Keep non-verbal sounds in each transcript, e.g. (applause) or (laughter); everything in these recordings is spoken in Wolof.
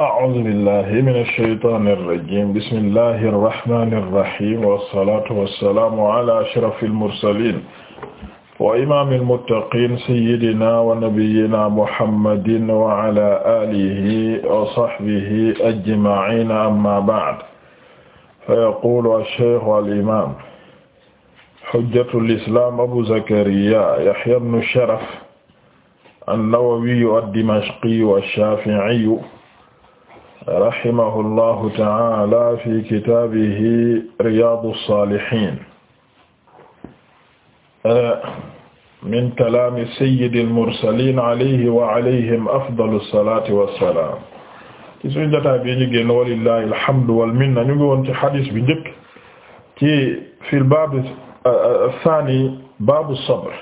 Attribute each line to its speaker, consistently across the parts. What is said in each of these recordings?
Speaker 1: a'uuzu billahi mina shaytaani rajiim bismillahi rahmaani rahiim wassalaatu wassalaamu alaa ashrafil mursaliin wa imaamil muttaqiin sayyidinaa wa nabiyyinaa muhammadin wa alaa aalihi wa sahbihi ajma'iin ammaa ba'd fayaquulu ash-shaykhu al-imaam hujjatul islaam abu zakariyaa yahyaa ibnu sharaf an-nawawiyu ad-dimashqiyu ash-shaafi'iyu rahimahullahu ta'ala fi kitaabihi riyaadu saalihiin min kalaami sayyidil mursaliin alayhi wa alayhim afdalu salaati wa salaam. ci suñu jotaay bi ñu génn walillahi alhamdu wal minna ñu ngi woon ci xadis bi njëkk ci fil baab saani uh, uh, baabu sabr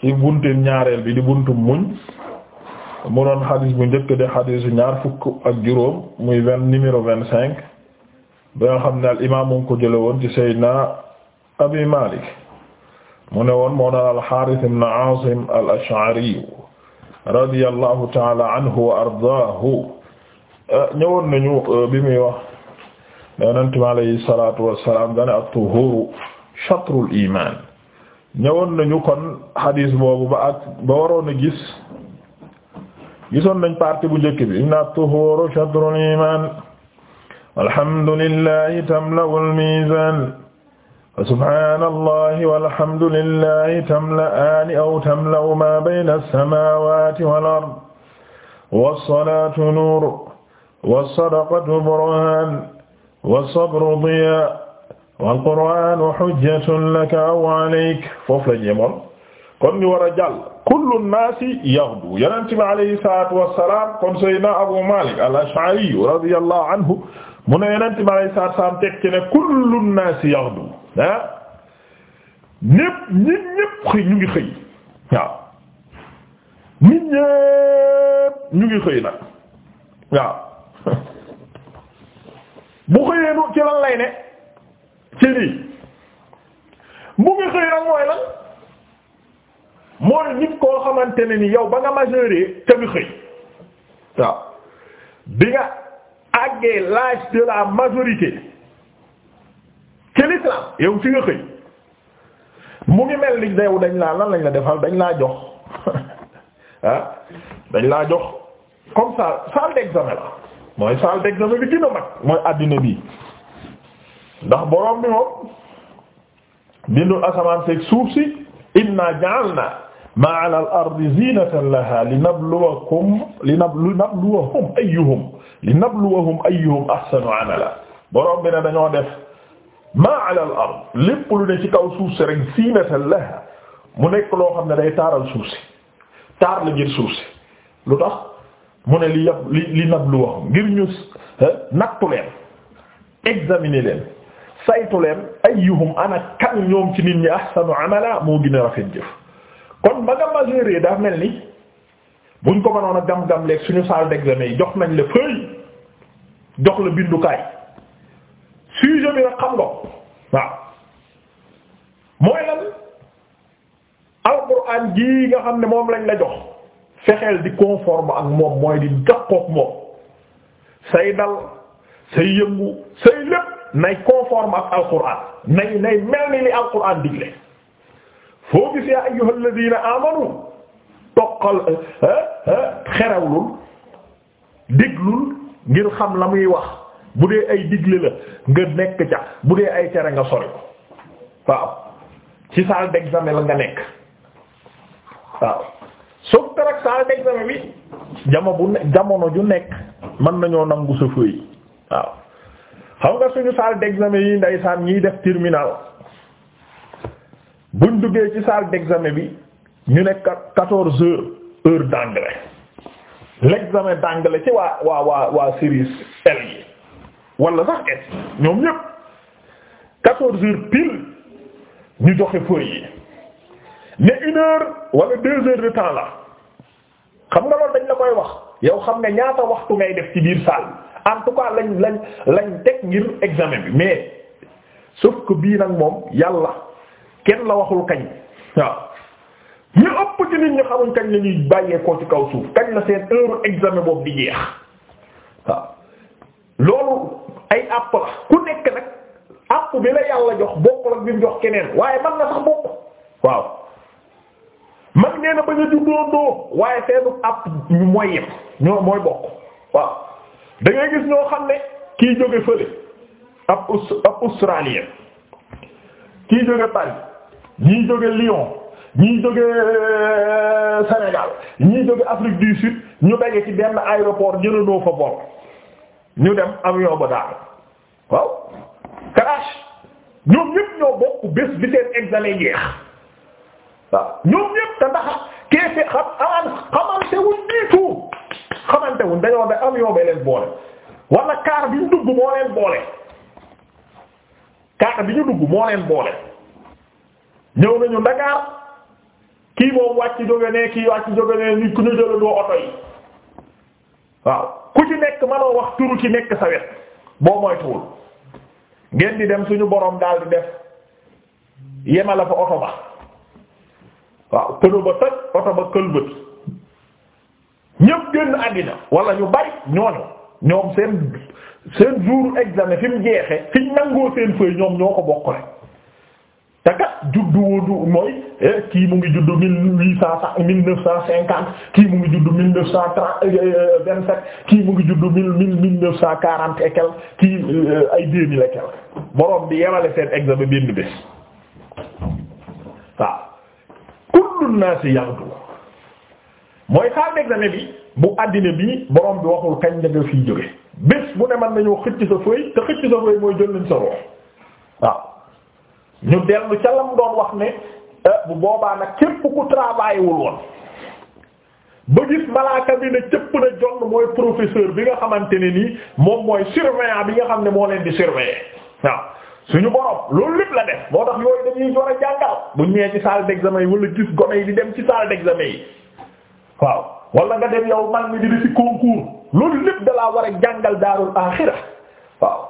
Speaker 1: ci buntu ñaareel bi di buntu muñ. mu doon xadis bu njëkk de xadisu ñaar fukk ak juróom muy vingt numéro vingt cinq ba nga xam ne al imaam mu ngi ko jële woon ci Seydina Abi Malik mu ne woon moo doon al-Harith ibn Asim al-Ash'ari radiyallahu ta'ala anhu wa ardaahu ñëwoon nañu euh, bi muy wax Yonent mi alayhi salaatu wa salaam dane at-tuhuru shatrul iimaan ñëwoon nañu kon xadis boobu ba ak ba waroon a gis gisoon nañ partie bu njëkk bi inna at-tuhuru shadrul iman alhamdulillahi tamla'ul mizan fa subhanallahi walhamdulillahi tamla'ani aw tamla'u ma bayna as-samawati wal ard was-salatu nurun was-sadaqatu burhanun was-sabru diya'un wal qur'anu hujjatun laka aw alayka foofu la jeemoon kon ñu war a jàll kullu nnaasi yaghdu yonent bi alayhi salaatu wassalaam kon sayyidina Abu Malik al-Ash'ari radiyallahu anhu mu ne yonent bi alayhi salaatu wassalaam teg ci ne kullu nnaasi yaghdu ah ñépp ñi ñépp xëy ñu ngi xëy waaw nit ñépp ñu ngi xëy nag ci lan lay ci lii mu ngi xëy nag mooy lan mooy nit koo xamante ne ni yow ba nga majeure te nga xëy waaw bi nga àggee l'âge de la majorité ci l'islam yow ci nga xëy mu ngi mel ni yow dañ laa lan lañ la defal dañ laa jox (laughs) ah? dañ laa jox comme ça salle d'examen la mooy salle d'examen bi dina mag mooy àddina bi ndax borom bi moom bindul asamaan seeg suuf si inna ja'alna maa ala al ardi zinatan laha linabluwakum linabluwahum ayyuhum linabluwahum ayyuhum ahsanu amala borom bi ne dañoo def maa ala al ard lépp lu ne ci kaw suuf si rek zinatan laha mu nekk loo xam ne day taaral suuf si taar la ngir suuf si lu tax mu ne li yab li li nabluwahum ngir ñu nattu leen examiner leen saytu leen ayyuhum ana kan ñoom ci nit ñi ahsanu amala moo gën a rafet jëf kon ba nga majeure dafa mel ni buñ ko mënoon a gam-gam leeg suñu salle d'examen yi jox nañ la feuille jox la bindukaay sujet bi nag xam nga waaw mooy lan alxuraan ji nga xam ne moom lañ la jox fexeel di conforme ak moom mooy di dëppook moom say dal say yëngu say lépp nay conforme ak alxuraan nay nay mel ni li alxuraan digle foo gis yaa ayyuhal ladina amanu toqal eh, eh, xerawlul diglul ngir xam la muy wax bu dee ay digle la nga nekk ca bu dee ay tere nga sori ko waaw ci salle d'examen la nga nekk waaw soo tarak salle d'examen bi jamo jamono ju nekk mën nañoo nangu sa feuille waaw xam nga suñu salle d'examen yi ndeysaan ñiy def terminal buñ duggee ci salle d'examen bi ñu ne quatorze heures heure d'anglais l'examen d'anglais ci waa waa waa waa série L yi wala sax S ñoom ñëpp quatorze heures pile ñu joxe feuille yi ne une heure wala deux heures de temps la xam nga loolu dañ la koy wax yow xam nga ñaata waxtu ngay def ci biir salle en tout cas lañ lañ lañ teg ngir examen bi mais sauf que bii nag moom yàlla. kenn la waxul kañ waaw ñu ëpp ci nit ñi xamuñ kañ la bàyyeekoo ci kaw suuf kañ la seen heure examen boobu di jeex waaw loolu ay àpp la ku nekk nag àpp bi la yàlla jox bokkul ak bi jox keneen waaye man na sax bokk waaw man nee na ba ñu juddoo waaye seenu àpp mooy yem ñoo mooy bokk waaw da gis ñoo xam ne kii jóge fële ab ab australien kii jóge Paris ñii jóge Lyon ñii jóge euh, senegal ñu jóge Afrique du Sud ñu daje ci benn aéroport jëlandoo fa bopp ñu dem avion ba daal waaw crash ñoom ñëpp ñoo bokk bés bi seen examen jeex waaw ñoom ñëpp te ndax keefe xam amaan xamante wuñ diitu xamante wuñ dañoo da avion ba leen boole wala car bi ñu moo leen boole car bi ñu moo leen boole ñëw nañu Dakar kii moom wàcc jóge kii wàcc jóge ne ku ñu jëla oto yi waaw ku ci nekk manoo wax turu ci nekk sa wet boo moytuwul ngeen di dem suñu borom daal di def yemala fa oto ba waaw pëno ba toj oto ba këlbët ñëpp génn àddina wala ñu bari ñooñu ñoom seen seen jour examen fi jeexe fiñ nangoo seen feuille ñoom ñoo ko bokk rek te kat juddu woon mooy eh, kii mu ngi juddu mille huit cent cinquante kii mu ngi juddu mille neuf cent trente eh, eh, vingt sept kii mu ngi juddu mille mille mille neuf cent quarante et kii ay deux mille borom bi yemale seen examen benn bés bi bu àddina bi borom bi waxul kañ la nga jóge bés bu ne man nañoo xëcc sa fëy te xëcc sa fëy mooy jël nañ sa rox ñu dellu ca lam doon wax ne eh, bu boobaa nag képp ku travaillé wul woon ba gis malaaka bi ne cëpp na jonn mooy professeur bi nga xamante ne nii moom mooy surveillant bi nga xam ne moo leen di surveiller waaw suñu borom loolu lépp la def moo tax yooyu dañuy war a jàngal bu ñëwee ci salle d'examen yi wala gis gone yi di dem ci salle d'examen yi waaw wala nga dem yow man mi di di ci loolu lépp dalaa war a jàngal daarul aaxira waaw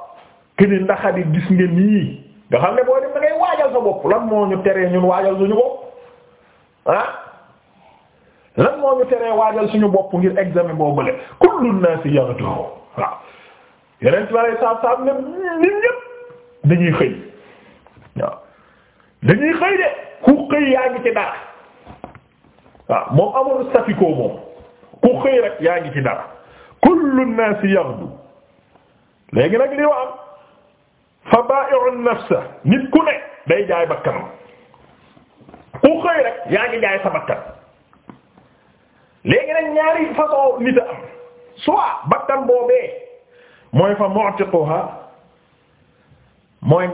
Speaker 1: keni ndaxa gis nii nga xam ne boo dem da ngay waajal sa bopp lan moo ñu teree ñun waajal suñu bopp ah lan moo ñu teree waajal suñu bopp ngir examen boo bële kullu naasi yaghdu waaw yeneen ci wàllu saabsaab ñëpp nit ñëpp dañuy xëy waaw dañuy xëy de ku xëy yaa ngi ci dara waaw moom amul safiko moom ku xëy rek yaa ngi ci dara kullu naasi yaghdu léegi nag lii waa fa baa'i'un nafsa nit ku ne day jaay bakkanam ku xëy rek yaa ngi jaay sa bakkan léegi nag ñaari façon nit a am soit bakkan boobee mooy fa mu'tiquha mooy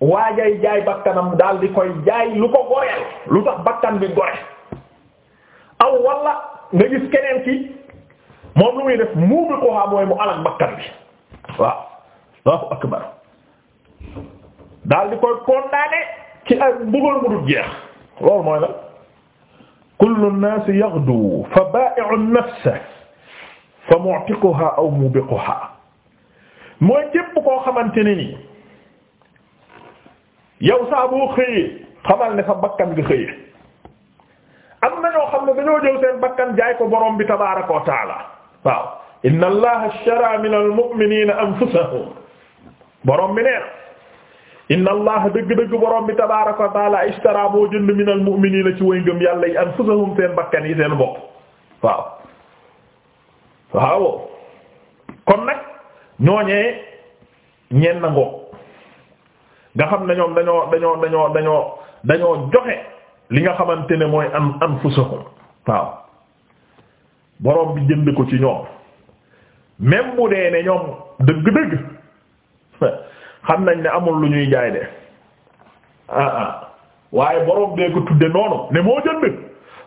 Speaker 1: waajay jaay bakkanam daal di koy jaay lu ko goreel lu tax bakkan bi gore aw wala nga gis keneen ki moom lu muy def muubiquha mooy mu alal bakkan bi waaw Allahu akbar daal di koy condamné ci ak mbugal mu dul jeex loolu mooy la kullu nnaasi yaghdu fa baa'i'u nafsihi fa mu'tiquha aw mubiquha mooy képp koo xamante ne ni yow saa boo xëyee xamal ne sa bakkan nga xëyee am na ñoo xam ne dañoo jël seen bakkan jaay ko borom bi tabaaraka wa taala waaw inna allaha ishtara min al mu'minina anfusahum borom bi nee na inna allah dëgg-dëgg borom bi tabaaraka wa taala ishtara moo jënd minal mu'minina ci way ngëm yàlla yi anfusahum seen bakkan yi seen bopp waaw waaw kon nag ñooñee ñeen na ngoog nga xam ne ñoom dañoo dañoo dañoo dañoo dañoo joxe li nga xamante ne mooy an anfusahum waaw borom bi jënd ko ci ñoom même dee ne ñoom dëgg-dëgg xam nañ ne amul lu ñuy jaay de ah ah waaye borom bee ko tudde noonu ne moo jënd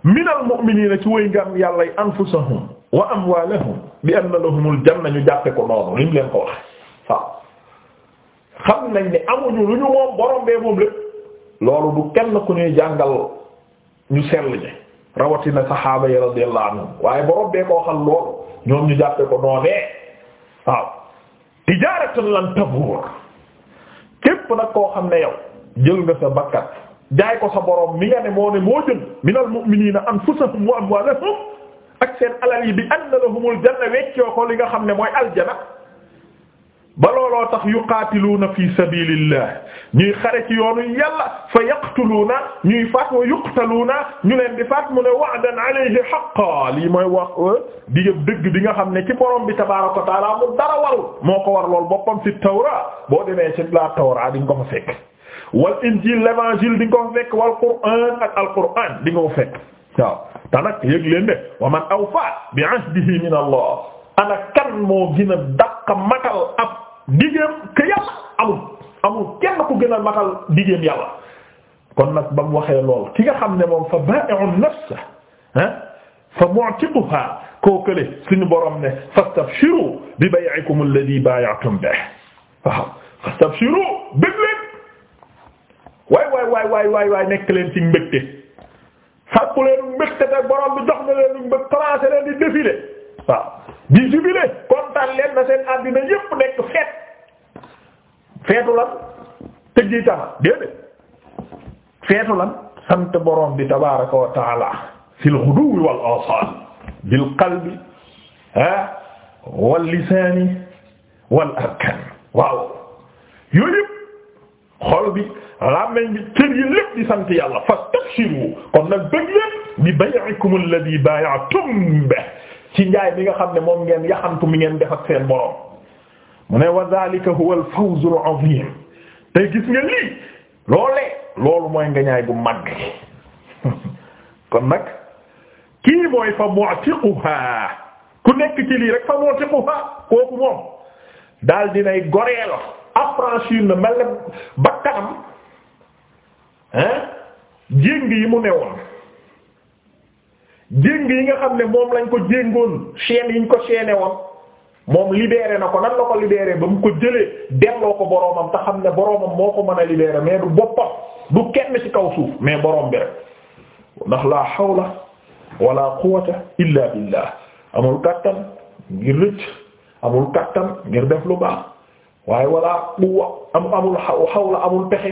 Speaker 1: minal mu'minina ci way ngam yàlla yi anfusahum wa amwalahum bi anna lahumul janna ñu jàppe ko noonu lim leen ko wax xam nañ ni amuñu lu ñu moom borom bee moom lépp loolu du kenn ku ñuy jàngal ñu sell ñi rawatina saxaaba yi radiyallahu anhum waaye borom bee ko waxal loolu ñoom ñu jàppe ko noonee waaw tijaratun lan tabur képp nag koo xam ne yow jël nga sa bakkat jaay ko sa borom mi nga ne moo ne moo jël minal mu'minina anfusahum wa amwalahum ak seen alal yi bi anna lahumul janna weccoo ko li nga xam ne mooy aljana ba looloo tax yuqaatiluuna fi sabilillah ñuy xare ci yoonu yàlla fa yaqtuluuna ñuy faat wa yuqtaluuna ñu leen di faat mu ne wa'dan alayhi haqqan lii mooy wax euh, digg dëgg bi nga xam ne ci borom bi tabaaraka wa taala mu dara warul moo ko war lool boppam ci tawra boo demee ci la tawra di nga ko fa fekk wa injil l'évangile di nga ko fa fekk wal qur'an al qur'an di nga ko fekk waaw te nag yëg leen de wa man awfa bi ahdihi min allah ana kan moo gën a a matal ab digéem ke yàlla amul amul kenn ku gën a matal digéem yàlla kon nag ba mu waxee lool ki nga xam ne moom fa ba'i'un nafsahu ah, fa mu'tiquha koo kële suñu borom ne fastabshiru bi bay'ikum alladhi bay'atum bihi waaw fastabshiru bëgg leen waay waay waay waay waay waay nekk leen ci mbégte sàkku leen mbégte te borom bi jox na leen mbégte commencé leen di défilé waaw di jubilé kontaan leen na seen àddina yépp nekk feet feetu lan tëggi tama déedéet feetu lan sant borom bi tabaraka wa taala fil ghuduwi wal asal bil qalbi ah wal lisaani wal arkan waaw yooyu yépp bi làmmiñ bi cër yi lépp di sant yàlla fastabshiru kon nag bëgg leen bi bay'ikum alladhi bay'atum bihi ci njaay bi nga xam ne moom ngeen yaxantu mi ngeen def ak seen borom mu ne wa zalika huwa al fawz al azim tey gis nga lii loolee loolu mooy nga ñaay bu mag (laughs) kon nag kii mooy fa mu'tiquha ku nekk ci lii rek fa mu'tiquha kooku moom daal dinay goreel affranchir na mel ba kanam hein jéng yi mu newoon jéng yi nga xam ne moom lañ ko jéngoon chaîne yiñ ko seene woon moom libéré na ko nan la ko libéré ba mu ko jëlee delloo ko boroomam te xam ne boroomam moo ko mën a libéré mais du boppam du kenn ci kaw suuf mais boroom bi rek ndax la hawla wala quwwata illa billah amul kàttan ngir rëcc amul kàttan ngir def lu baax waaye wala quwwa am amul hawla amul pexe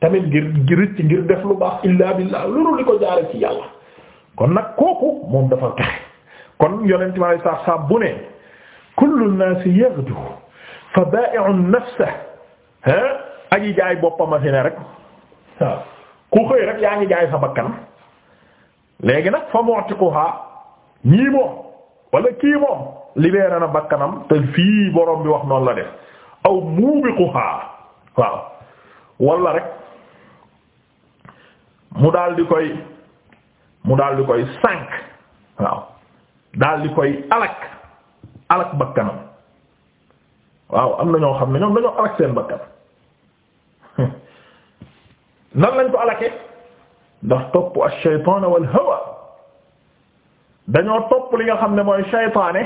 Speaker 1: tamit ngir ngir rëcc ngir def lu baax illa billah loolu di ko jaare ci yàlla kon nag kooku moom dafa texe kon yonent bi alayhi salaatu salaam bu ne kullu nnaasi yaghdu fa baa'i'u nafsahu aji jaay boppam a fi ne rek waaw ku xëy rek yaa ngi jaay sa bakkanam léegi nag fa mu'tiquhaa ñii moom wala kii moom na bakkanam te fii borom bi wax noonu la def aw muubiquhaa waaw wala rek mu daal di koy. mu daal di koy sànk waaw daal di koy alak alak bakkanam waaw am na ñoo xam ne ñoom dañoo alak seen bakkan (laughs) nan lañ ko alake ndax topp ash-shaytaan wal hawa dañoo topp li nga xam ne mooy shaytaane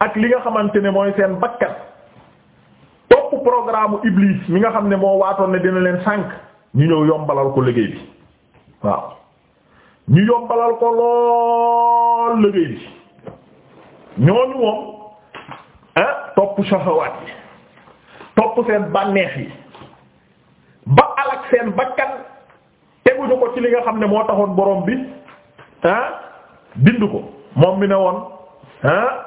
Speaker 1: ak li nga xamante ne mooy seen bakkan topp programme iblis mi nga xam ne moo waatoon ne dina leen sànk ñu ñëw yombalal ko liggéey bi waaw ñu yombalal ko lool liggéey bi ñooñu moom ah topp shahawaat yi topp seen bànneex yi ba alak seen bakkan teguñu ko ci li nga xam ne moo taxoon borom bi ah, bind ko moom mi ne woon ah,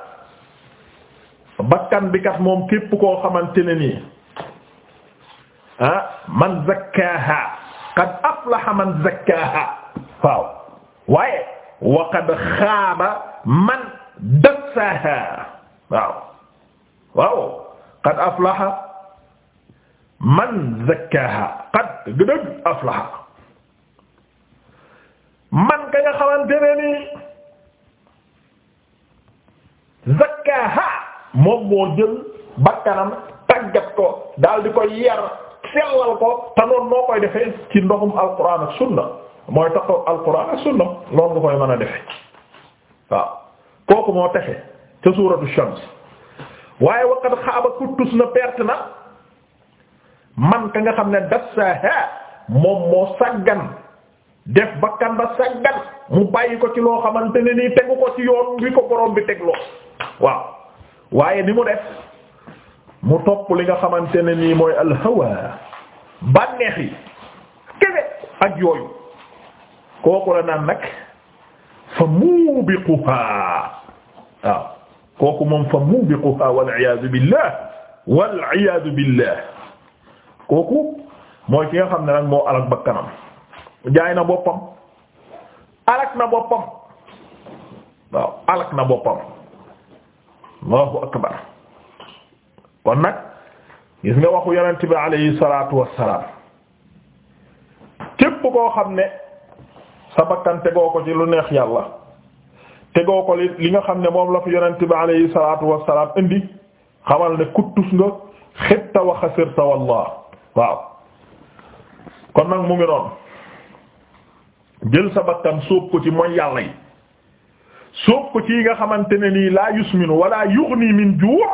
Speaker 1: bakkan bi kat moom képp koo xamante ne nii ah, man zakkaaha qad aflaha man zakkaaha waaw waaye waqad xaaba man dassaha waaw waaw qad aflaha man zakkaha qad gëdëg aflaha man ka nga xamante ne ni zakkaha moom moo jël bakkanam tàggat ko daal di koy yar sellal ko te noonu noo koy defee ci ndoxum alquran ak sunna mooy taxaw alquran ak sunna noonu nga koy mën a defe waaw kooku moo texe ca suuratu shams waaye waqad xaaba kuttus na perte na man ka nga xam ne dassaha moom moo sàggan def bakkan ba saggan mu bàyyi ko ci loo xamante ne nii tegu ko ci yoon wi ko borom bi tegloo waaw waaye ni mu def mu topp li nga xamante ne nii mooy alhawa bànneex yi kebe ak yooyu kooku la na nag fa muubiquhaa waaw kooku moom fa muubiquhaa wal iyaadu billaah wal kooku mooy ki nga xam ne nag moo alak bakkanam jaay na boppam alak na boppam waaw alak na boppam allahu akbar kon nag gis nga waxu yonent bi alayhi salaatu wassalaam képp koo xam ne sa bakkan tegoo ko ci lu neex yàlla tegoo ko li li nga xam ne moom la fi yonent bi alayhi salaatu wassalaam indi xamal ne kuttus nga xibta wa xasirta wallah waaw kon nag mu ngi noonu jël sa bakkan sóob ko ci mooy yàlla yi sóob ko ci yi nga xamante ne nii laa yusminu wala yughni min ju'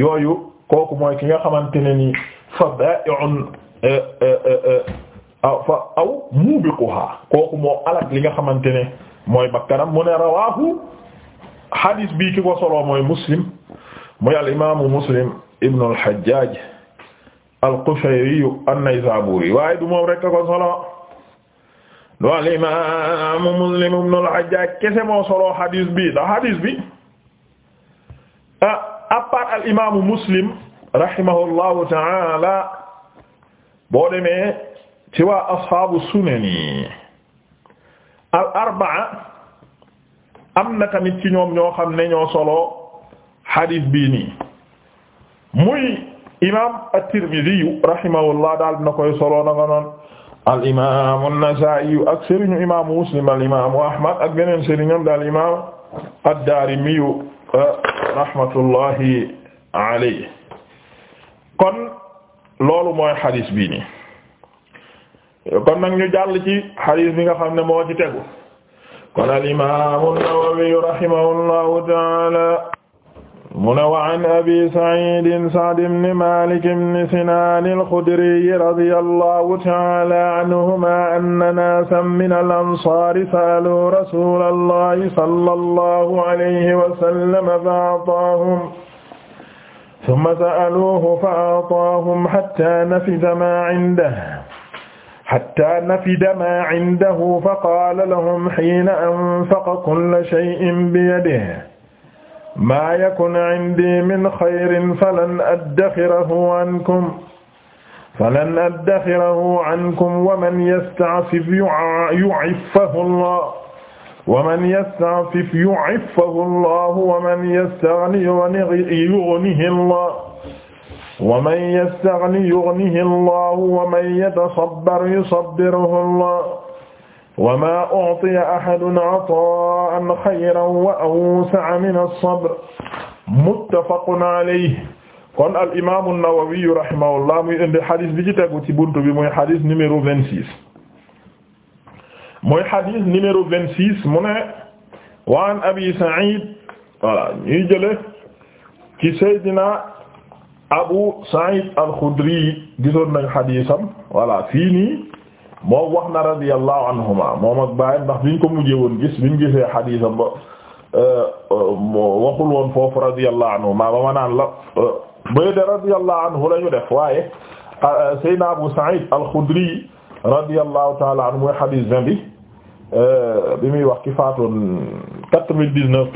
Speaker 1: yooyu kooku mooy ki nga xamante ne nii fadaa'un eh, eh, eh, aw fa aw mubiquha kooku moo alak li nga xamante ne mooy bakkanam mu ne rawahu hadis bi ki ko soloo mooy muslim mooy al muslim ibnu al hajjaj al qushayri an-naysaburi waaye du moom rek ko solo do al muslim ibnu al hajjaj kese moo soloo bi da hadis bi ah, à part al imaamu muslim ta'ala boo demee ci waa asxaabu sunani al arbaa am na tamit ci ñoom ñoo xam ne ñoo solo xadiis bii nii muy imaam at-Tirmidhi rahimahullah daal na koy solo na nga noon al imaam an-Nasaa'i ak sëriñu imaamu Muslim al imaamu Ahmad ak beneen sëriñam daal imaam ad-Daarimi eh, rahmatullahi alayhi kon loolu mooy xadiis bii nii. kon nag ñu jàll ci xadiis bi nga xam ne moo ci tegu kon al imam an-Nawawi rahimahullahu ta'ala mu ne wa an abi Sa'id Sa'd ibn Malik ibn Sinan al-Khudri radiyallahu ta'ala anhuma anna nasan min al-ansar sa'alu rasulallahi sallallahu alayhi wa sallam fa'atahum thumma sa'aluhu fa'atahum hatta nafida ma 'indahu xatta nafida maa indahu fa qaala lahum xiina anfaqa kulla shay'in biyadihi maa yakun cindi min xayrin falan addaxirahu ankum falan addaxirahu ankum wa man yastacfif yuciffahu allah wa man yastacfif yuciffahu allah wa man yastagni yugnihi allah wa man yastaghni yughnihi Allahu wa man yatasabbar yusabbirhu Allah wa ma u'tiya ahadun 'ataa'an khayran wa awsa'a min as-sabr muttafaqun alayhi kon al imaamu Nawawi rahimahullah muy indi xadis bi ci tegu ci buntu bi muy xadis numéro vingt six muy xadis numéro vingt six mu ne wa an Abi Sa'id voilà ñuy jële ci Seydina Abu Sa'id al-Khudri gisoon nañ xadiisam voilà fii nii moom wax na anhuma moom ak baayam ndax biñ ko mujjee woon gis biñ gisee xadiisam ba euh, euh, waxul woon foofu radiyallahu anhuma ba ma la euh, bay de radiyallahu anhu la def waaye Seydina Abu Sa'id al-Khudri radiyallahu ta'ala anhu mooy xadiis bi bi muy wax ki faatoon quatre-vingt-dix-neuf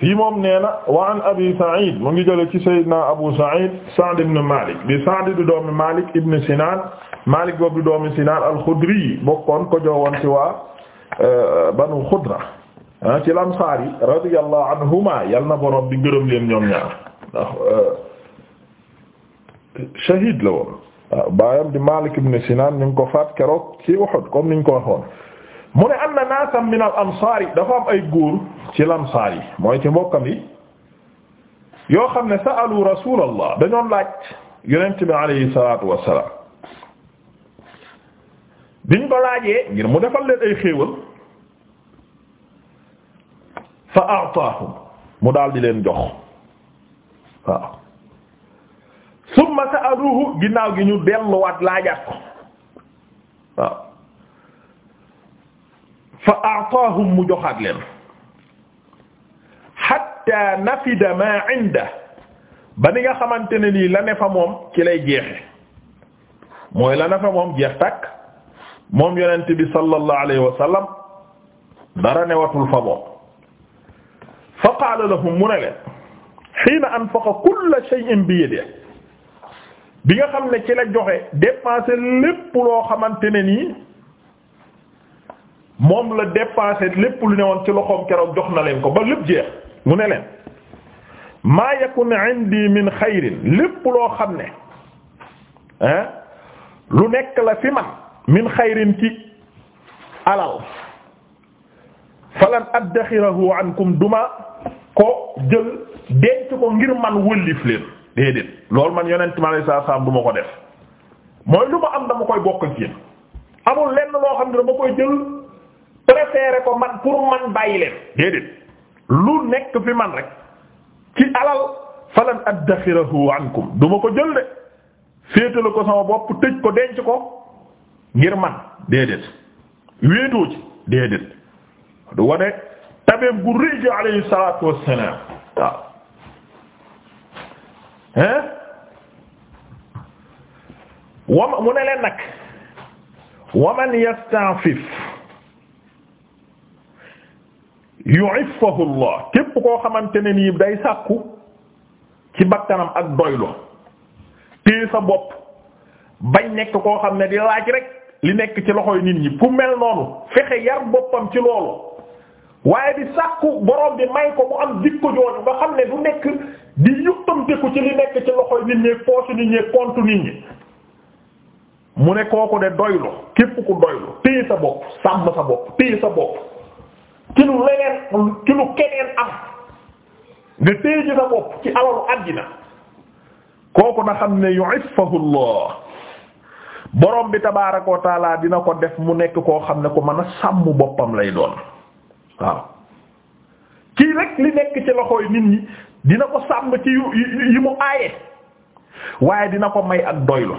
Speaker 1: fii moom nee na wa an abi Sa'id mu ngi jële ci sayyidina Abu Sa'id Sa'd ibn Malik di Sa'd di doomi Malik ibn Sinan Malik boobu di doomi Sinan al-Khudri bokkoon ko joowoon ci waa euh, Banu Khudra ah, ci Ansaar yi radiyallahu anhuma yal na borom bi gërëm leen ñoom ñaar ndax euh, shahid la woon waaw baayam di Malik ibn Sinan ñu ngi ko faat keroog ci Uhud comme niñ ko waxoon mu ne am na naasam min al ansaar dafa am ay góor ci lansaar mooy ci mbokkam mi yoo xam ne sa'alu rasulallah dañoon laaj yonent bi alayhi salaatu wassalaam biñ ko laajee ngir mu defal leen ay xéewal fa a'taahum mu daal di leen jox waaw summa sa'aluhu ginnaaw gi ñu delluwaat laajaat ko fa a'taahum mu joxaat leen hatta nafida ma inda ba ni nga xamante ne nii la ne fa moom ci lay jeexe mooy la ne fa moom jeex takk moom yonent bi sallallahu alayhi wa sallam dara newatul fa moom fa qaala lahum mu ne leen hiina anfaqa kulla shay'in bi yadihi bi nga xam ne ci la joxe dépensé lépp loo xamante ne nii moom la dépensé lépp lu ne woon ci loxoom keroog jox na leen ko ba lépp jeex mu ne leen maa yakun min xayrin lépp loo xam ne lu nekk la fi man min xayrin ci alal falan addaxirahu ankum duma ko jël denc ko ngir man wëllif leen déedéet loolu man yonent ma lay saa saam duma ko def mooy lu ma am dama koy bokk ci yéen amul lenn loo xam ne dama koy jël préféré ko man pour man lu nekk fi man rek ci alal falan addaxirahu ankum duma ko jël de ko sama bopp tëj ko denc ko ngir man déedéet wéetoo ci déedéet du wane tabeem gu rëy alayhi salaatu wassalaam hein wam mu ne leen nag waman yasta'fif yu'iffahu Allah képp koo xamante ne nii day sàkku ci bakkanam ak doylu téye sa bopp bañ nekk koo xam ne di laaj rek li nekk ci loxoy nit ñi ku mel noonu fexe yar boppam ci loolu waaye di sàkku borom bi may ko mu am jikko jooju nga xam ne du nekk di yuttamteku ci li nekk ci loxoy nit ñi poche nit ñi compte nit ñi mu ne kooku de doylu képp ku doylu téye sa bopp sàmm sa bopp téye sa bopp ci lu leneen ci lu keneen am nga téye ji sa bopp ci alalu àddina kooku na xam ne yu'iffahu Allah borom bi tabaaraka wa dina ko def mu nekk koo xam ne ku mën a sàmm boppam lay doon waaw kii rek li nekk ci loxooy nit ñi dina ko sàmm ci yu yi mu aaye waaye dina ko may ak doylu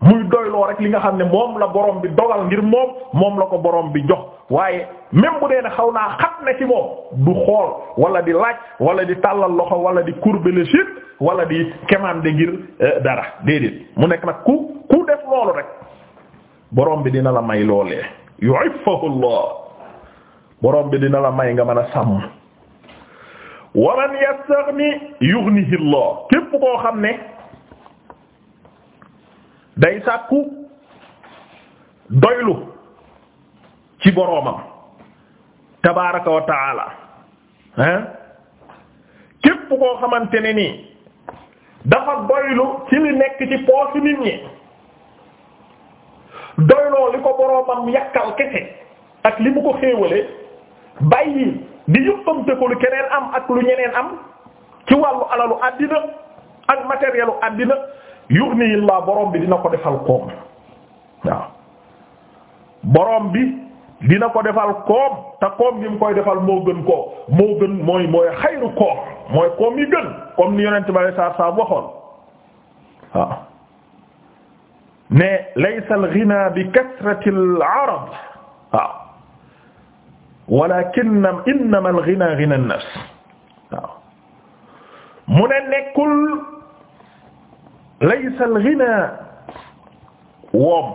Speaker 1: muy doyloo rek li nga xam ne moom la borom bi dogal ngir moom moom la ko boroom bi jox waaye même bu dee ne xaw naa xat na ci moom du xool walla di laaj wala di tàllal loxo wala di courber le chef wala di kemande ngir euh, dara déedéet mu nekk nag ku ku def loolu rek boroom bi dina la may loolee yu'iffahu Allah borom bi dina la may nga mën a sàmm wa man yastaghni yughnihi képp koo xam ne. day sàkku doylu ci boroomam tabaaraka wa taala hein képp koo xamante ne nii dafa doylu ci li nekk ci poosu nit ñi doyloo li ko boroomam yàkkal kese ak li mu ko xéewale bàyyi di yëppamte ko lu keneen am ak lu ñeneen am ci wàllu alalu àddina ak matérielu àddina yughnihi Allah borom bi dina ko defal koom waaw bi dina ko defal koom te koom gi mu koy defal moo gën koo moo gën mooy mooy xayru koom mooy koom yi gën comme ni yonent ba saa saa waxoon ne laysa al-ghina bi kasrati al-'arad waaw walakin innama al-ghina ghina an-nafs mu ne nekkul laysa al-ghina woom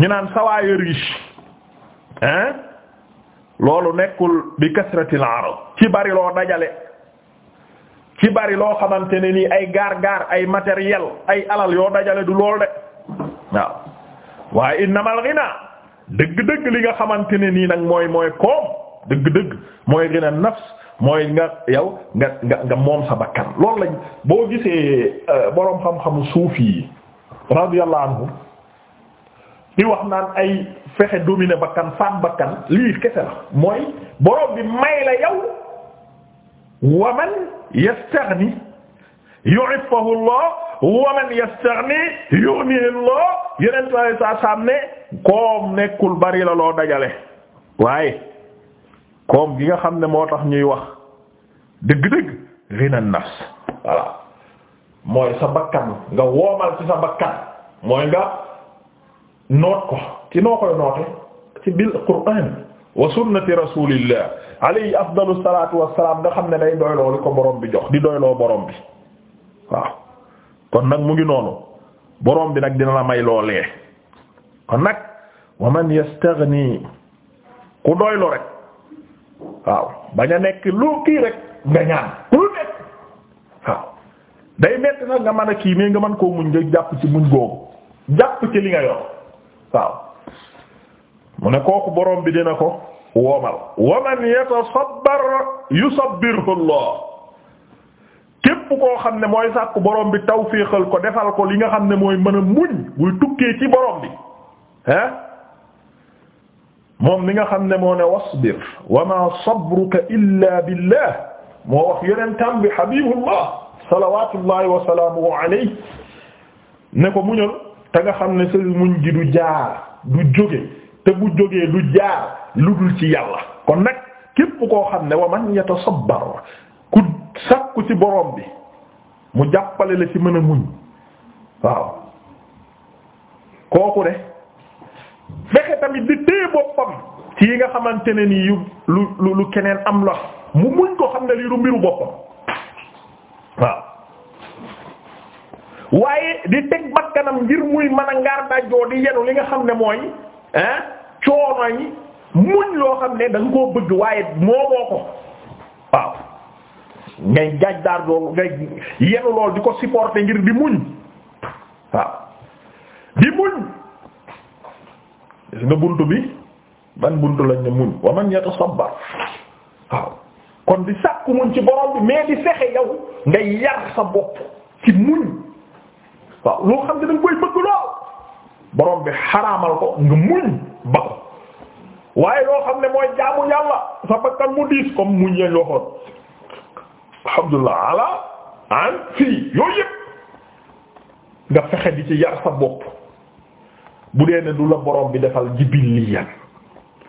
Speaker 1: ñu naan sawaaya riche loolu nekkul bi kasrati al ci bari loo dajale ci bari loo xamante ni nii ay gaar gaar ay matériel ay alal yoo dajale du lool de waaw waaye innamal ghina dëgg-dëgg li nga xamante ne nii nag mooy mooy koom dëgg-dëgg mooy ghina nafs mooy nga yow nga nga nga moom sa bakkan loolu lañ boo gisee euh, boroom xam-xamu suufi yi anhu di wax naan ay fexe dominer bakkan faat bakkan lii kese la mooy boroom bi may la yow wa man yastaghni yu'iffahu Allah wa man yastaghni yughnihi Allah yeneen saa saam ne koom nekkul bari la loo dajale waaye koom gi nga xam ne moo tax ñuy wax dëgg-dëgg ghina nafs voilà mooy sa bakkan nga woomal ci sa bakkan mooy nga noot ko ci noo koy noote ci bil qur'an wa sunnati rasulillah alayhi afdalu salatu wassalam nga xam ne day doyloo li ko borom bi jox di doyloo boroom bi waaw kon nag mu ngi noonu boroom bi nag dina la may loolee kon nag wa man yastaghni ku doylu rek waaw bañ a nekk loo kii rek nga ñaan lu nekk waaw day metti nag nga mën a kii mais nga mën koo muñ nga jàpp ci muñ googu jàpp ci li nga yor waaw mu ne kooku boroom bi dina ko womal wa man yatasabbar yusabbirhu Allah képp koo xam ne mooy sàkku boroom bi tawféexal ko defal ko li nga xam ne mooy mën a muñ buy tukkee ci boroom bi ah moom mi nga xam ne moo ne wasbir wa ma sabruka illa billah moo wax yonentam bi habibullah salawatullahi wa salaamu alayhi ne ko muñal te nga xam ne sa muñ gi du jaar du jóge te bu jógee du jaar lu dul ci yàlla kon nag képp koo xam ne wa man yatasabbar ku sakku ci borom bi mu jàppale la ci mën a muñ waaw kooku de tamit di téye boppam ci yi nga xamante ne nii lu lu lu keneen am la mu muñ ko xam ne lii du mbiru boppam waaw waaye di teg bakkanam ngir muy mën a ngaar dajjoo di yenu li nga xam ne mooy ah coono yi muñ loo xam ne danga nga koo bëgg waaye moomoo ko waaw ngay jaaj daar dool ngay yenu lool di ko supporter ngir di muñ waaw di muñ gis nga bunt bi ban bunt lañ ne muñ wa man yatasabbar waaw kon di sàkku muñ ci borom bi mais di fexe yow nga yar sa bopp ci muñ waaw loo xam ne da koy bëgg lool borom bi xaraamal ko nga muñ ba waaye loo xam ne mooy jaamu yàlla sa bakkan mu diis comme muñ leen waxoon alhamdulilah ala an fii yooyu nga fexe di ci yar sa bopp. bu dee ne du la borom bi defal jibiliyan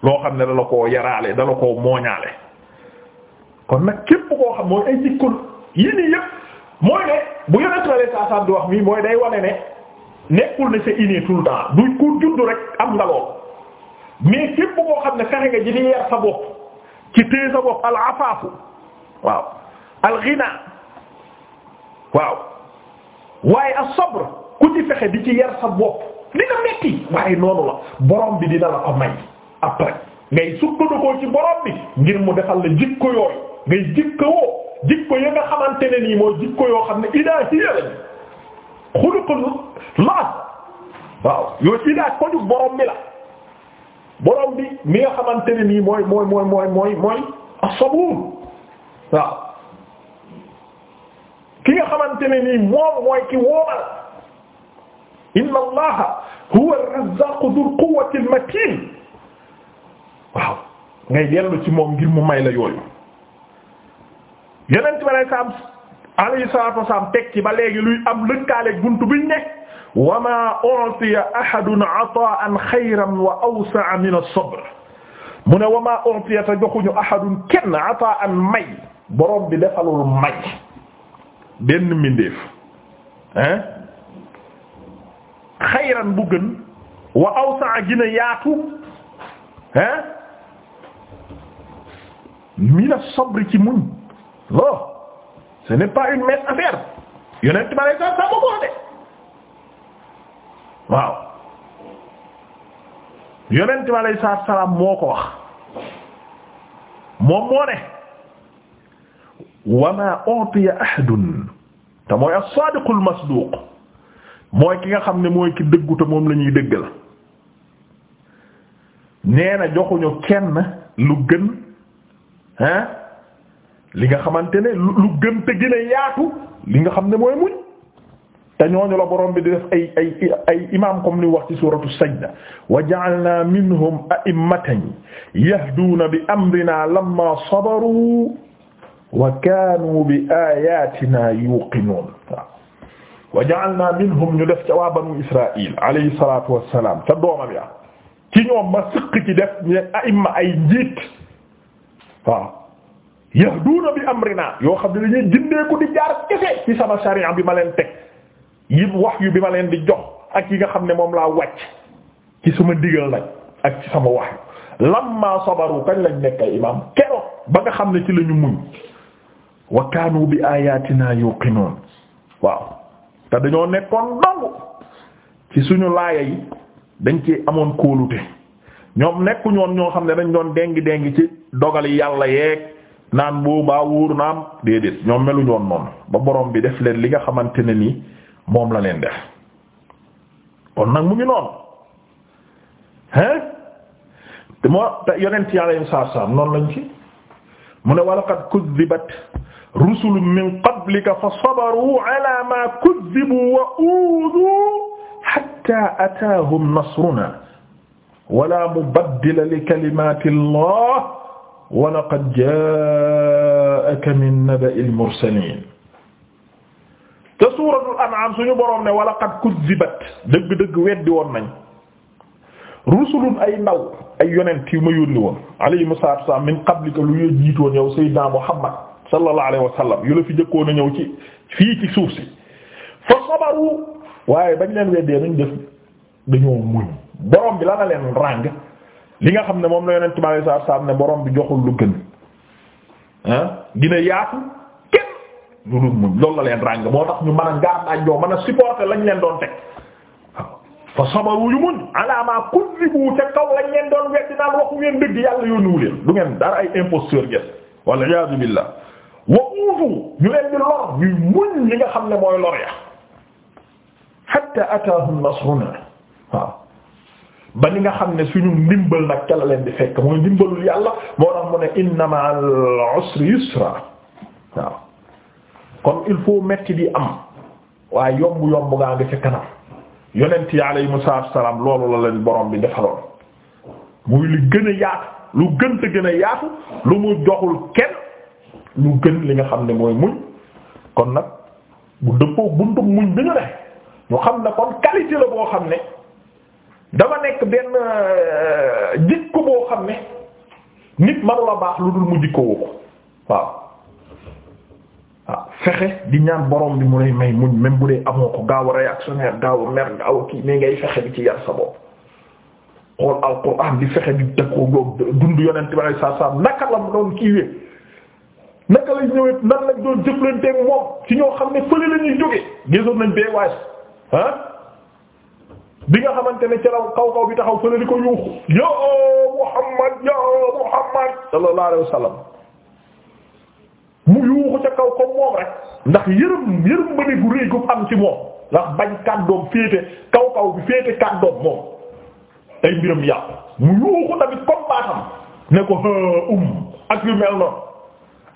Speaker 1: loo xam ne dala ko yaraale dala ko mooñaale kon nag képp koo xam mooy ay jikkul yi nii yëpp mooy ne bu yonent la leen saa di wax mii mooy day wane ne nekkul ne c'est inné tout le temps du ku juddu rek am nga lool mais képp koo xam ne fexe nga ji di yar sa bopp ci téye sa bopp al afaafu waaw al ghina waaw waaye as ku ci fexe di ci yar sa bopp. dina metti waaye noonu la borom bi di la ko may après ngay sukkandikoo ci borom bi ngir mu defal la jikko yooyu ngay jikko woo jikko ya nga xamante ne nii mooy jikko yoo xam ne ilaahiya lañu xuluqul laas waaw ko ñu borom bi la borom bi mi nga xamante ne nii mooy mooy mooy mooy mooy mooy ki nga xamante ne nii moom mooy ki woomal. inna allaha huwa ar-razzaqu dhul quwwati al-matin waaw ngay dellu ci moom ngir mu may la yooyu yeneen ba lay saam alayhi salaatu wasalaam teg ci ba léegi luy am lëkkaale buntu biñ ne wa maa u'tiya ahadun 'ataa'an xayran wa awsa'a min as-sabr mu ne wa maa u'tiya te joxuñu ahadun kenn 'ataa'an may borom bi defalul may benn mbindeef hein xayran bu gën wa awsa gina yaatu hein mina sabri ci muñ lo oh, ce n'est pas une mince affaire yonent ba lay sa sa bokoo de waaw yonent bi alay salaatu salaam moo ko wax moom moo ne wa ma utiya ahadun te mooy as-sadiqul masduq mooy ki nga xam ne mooy ki dëggu moom lañuy ñuy dëggal nee na joxuñu kenn lu gën hein li nga xamante ne lu gën te gën a yaatu li nga xam ne mooy muñ te ñooñu la borom bi di def ay ay ay imaam comme ni wax ci suuratu sajda wa ja'alna minhum a'immatan yahduuna bi amrina lamma sabaru wa kaanu bi ayatina yuqinuun wa ja'alna minhum ñu def ca waa banu Israa'il alayhi salaatu wa salaam ca doomam ya ci ñoom ma sëq ci def ñu a'imma ay njiit waaw yahduuna bi amrina yoo xam ne dañuy gindeeku di jaar kese ci sama sharia bi ma leen teg yi wahyu bi ma leen di jox ak yi nga xam ne moom laa wàcc ci sama ndigal nag ak ci sama wahyu lamma sabaru kañ lañ nekk ay imaam keroog ba nga xam ne ci lañu muñ wa kaanu bi ayatina yuqinoon waaw te dañoo nekkoon dong ci suñu laaya yi dañ ci amoon kóolute ñoom nekku ñoo xam ne dañ doon dengi dengi ci dogal yàlla yeeg naan boo baa wóoru na am déedéet ñoom melu noonu ba borom bi def leen li nga xamante ne ni moom la leen def kon nag mu ngi noonu hein te moo te yonent yàlla yi saa saa noonu lañ ci mu ne walaqad kuddibat rusulun min qablika fa sabaru ala ma kuzzibu wa uudu hatta ataahum nasruna wala mubaddila li kalimaati llah wa laqad jaa'aka min naba'il mursaliin te suuratul an'aam suñu boroom ne wa laqad kuzzibat dëgg-dëgg weddi woon nañ rusulun ay ndaw ay yonent yu ma yónni woon alayhimu salaatu wa salaam min qablika lu jiitoon yow Seydina Muhammad sallallahu alayhi wa sallam la fi jëkkoon a ñëw ci fii ci suuf si fa sabaru waaye bañ leen weddee nuñ def dañoo muñ borom bi la na leen ràng li nga xam ne moom la yonent bi sallallahu alayhi wa ne borom bi joxul lu gën ah dina yaatu kenn lu dul muñ loolu la leen ràng moo tax ñu mën a ngaar naaj ñoo mën a supporter lañ leen doon teg fa sabaru yu muñ ala ma kudribu ca kaw lañ leen doon weddi naan waxu ngeen dëgg yàlla yónniwu leen du ngeen dara ay imposteur ngeen wa uudu ñu leen di lor ñuy muñ li nga xam ne mooy lor ya nga xam ne suñu ndimbal nag ca la leen di fekk mooy ndimbalul yàlla moo tax mu ne inna ma'al usri yusra waaw kon il faut metti di am waaye yomb yomb ngaa nga ca kanam yonent yi alayhimu salaam loolu la leen borom bi defaloon muy lu gën a lu gën te gën lu mu joxul kenn lu gën li nga xam ne mooy muñ kon nag bu dëppoo buntu muñ bi ñu ne ñu xam ne kon qualité la boo xam ne dama nekk benn euh, jikko boo xam ne nit manula baax lu dul mu jikko ko waaw waaw fexe di ñaan borom bi mu lay may muñ même bu dee amoo ko gaaw a réactionnaire gaaw a mer gaaw a kii mais ngay fexe bi ci yar sa bopp xool alquran di fexe di dëkkoo dund yonent bi sallallahu alayhi wasallam naka la mu doon kiiwee naka lañ ñëwee nan lañ doon jëflanteeg moom ci ñoo xam ne fële la ñuy jógee gisoon nañ bee waay ah bi nga xamante ne ca raw kaw kaw bi taxaw fële di ko yuuxu ya Muhammad ya Muhammad sallallahu alayhi mu yuuxu ca kaw comme moom rek ndax yërëm yërëm ba ne gu réy gu am ci moom ndax bañ kàddoom féete kaw kaw bi féete kàddoom moom ay mbiram yàqu mu yuuxu tamit comme baaxam ne ko um ak yu mel noonu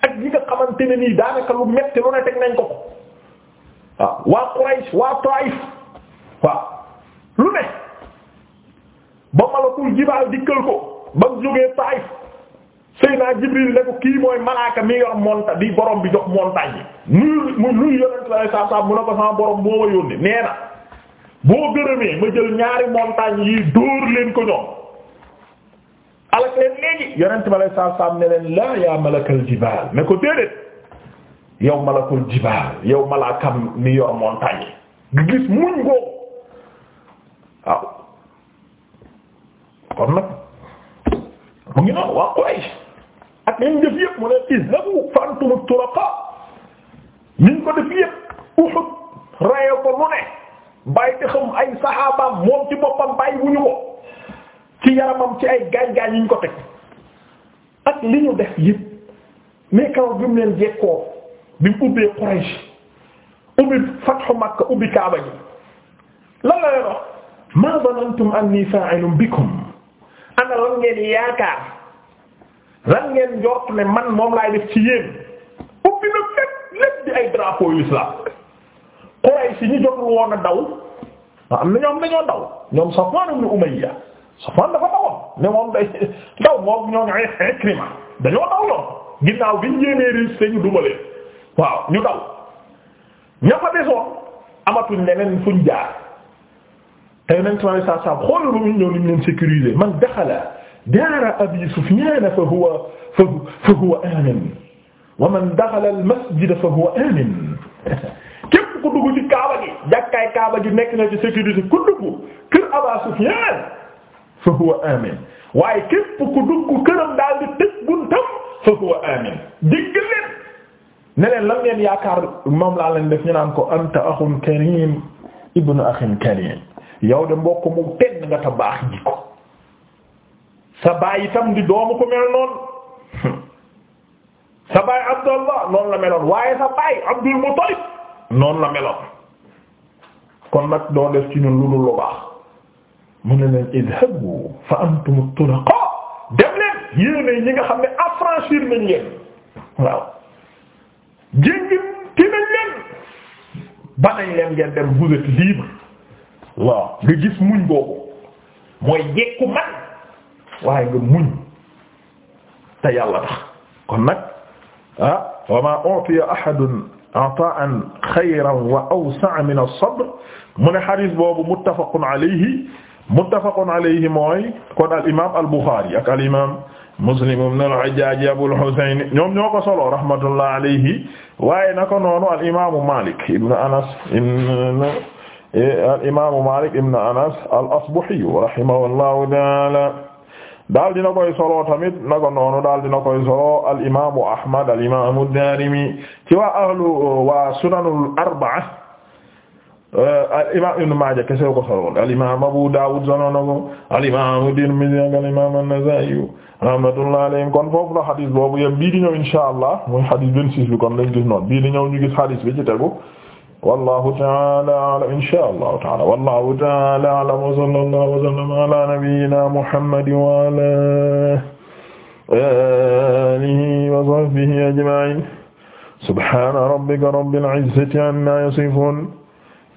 Speaker 1: ak yi nga xamante ne nii daanaka lu metti lu ne teg nañ ko ko waaw waa Quraysh waa Taif waaw lu ne ba malakul jibaal dikkal ko ba mu jógee Taif Seyna Jibril ne ko kii mooy malaaka mi yor bi borom bi jox montagne yi muy muy yonent la saa saa mu ne ko sama borom moo ma nee na boo gërëmee ma jël ñaari montagne yi dóor leen ko ñoom alak leen léegi yonent ba lay saab saab ne leen laa yaa malakal jibaal ne ko déedéet yow malakul jibaal yow malakam mi yor montagne gi gis muñ googu waaw mu ngi noonu waa Quraysh ak ñu def yëpp mu ne izhabu fa antumu turaqa ñu ko def yëpp Uhud raye ko lu ne bàyyi te ay saxaabaam moom ci boppam bàyyi wuñu ko ci yaramam ci ay gaañ-gaañ yi ñu ko teg ak li ñu def yëpp mais kaw bi mu leen jekkoo bi mu ubbee Quraysh ubbi fatxu Makka ubbi Kaaba ji lan la leen wax ma zanantum bikum ana lan ngeen yaakaar lan ngeen jort ne man moom laay def ci yéen ubbi na lépp lépp di ay drapeau yu islam Quraysh yi ñu jotul woon a daw am na ñoom dañoo daw ñoom Safwan ibn Umayya Safwan dafa tawoon ne moom day ndaw moom ñoo ñooy Ikrima dañoo daw lool ginnaaw gi yéenee riis te ñu dumale waaw ñu daw ña fa desoon amatuñ leneen fuñ jaar te Yonent sallallahu alayhi wasallam xoolal ba muy ñëw ni ñu leen sécuriser man daxala daara Abi Sufyaan fa huwa fa huwa aamin wa man daxala al-masjida fa huwa aamin (laughs) képp ku dugg ci kaaba gi jàkkaay kaaba gi nekk na ci sécurité ku dugg kër Aba Sufyaan fa huwa amin waaye képp ku dugg këram daal di tëj buntam fa huwa amin digg leen ne lan ngeen yaakaar moom laa leen def ñu naan ko anta akhun karim ibnu akhin karim yow de mbokk mu tedd nga ta baax ji ko sa baay itam di doomu ko mel noonu (laughs) sa baay abdallah noonu la meloon waaye sa baay abdul muttalib noonu la meloon kon nag doo def ci ñun lu dul lu baax mu ne leen idhabu fa antum tulaqa dem leen yéen ñi nga xam ne affranchir nañ leen waaw jéngi ti nañ leen ba nañ leen ngeen dem vous êtes libre waaw nga gis muñ boobu mooy jekku man waaye nga muñ te yàlla tax kon nag ah wa ma utiya ahadun ataan xayran wa awsa'a min as-sabr mu ne hadith boobu muttafaqun alayhi muttafaqun alayhi mooy kon al imaam al buxaari ak al imaam muslim ibn al hajjaaj abul husayn ñoom ñoo ko solo rahmatullah alayhi waaye naka noonu al imaamu malik ibn anas ibn e, al imaamu malik ibn anas al asbahi rahimahullahu taala daal dina koy solo tamit naka noonu daal dina koy solo al imaamu ahmad al imaamu daarimi ci waa ahlu waa sunanul arba'a Euh, al imaam Ibn Maaja kese ko solo al imaam Abu Daawud solo na ko al imaam Tirmidi ak al imaam An-Nasaa'i rahmatullahi alayhim kon foofu la xadis boobu yem bii di ñëw inshaa Allah muy xadis 26 bi kon lañ gis noonu bii di ñëw ñu gis xadis bi ci tegu wallahu ta'ala a'lam inshaa Allahu ta'ala wallahu ta'ala a'lam wa sallallahu wa sallama ala nabiyyina Muhammad wa ala alihi wa sahbihi ajma'in subhana rabbika rabbil izzati amma yasifun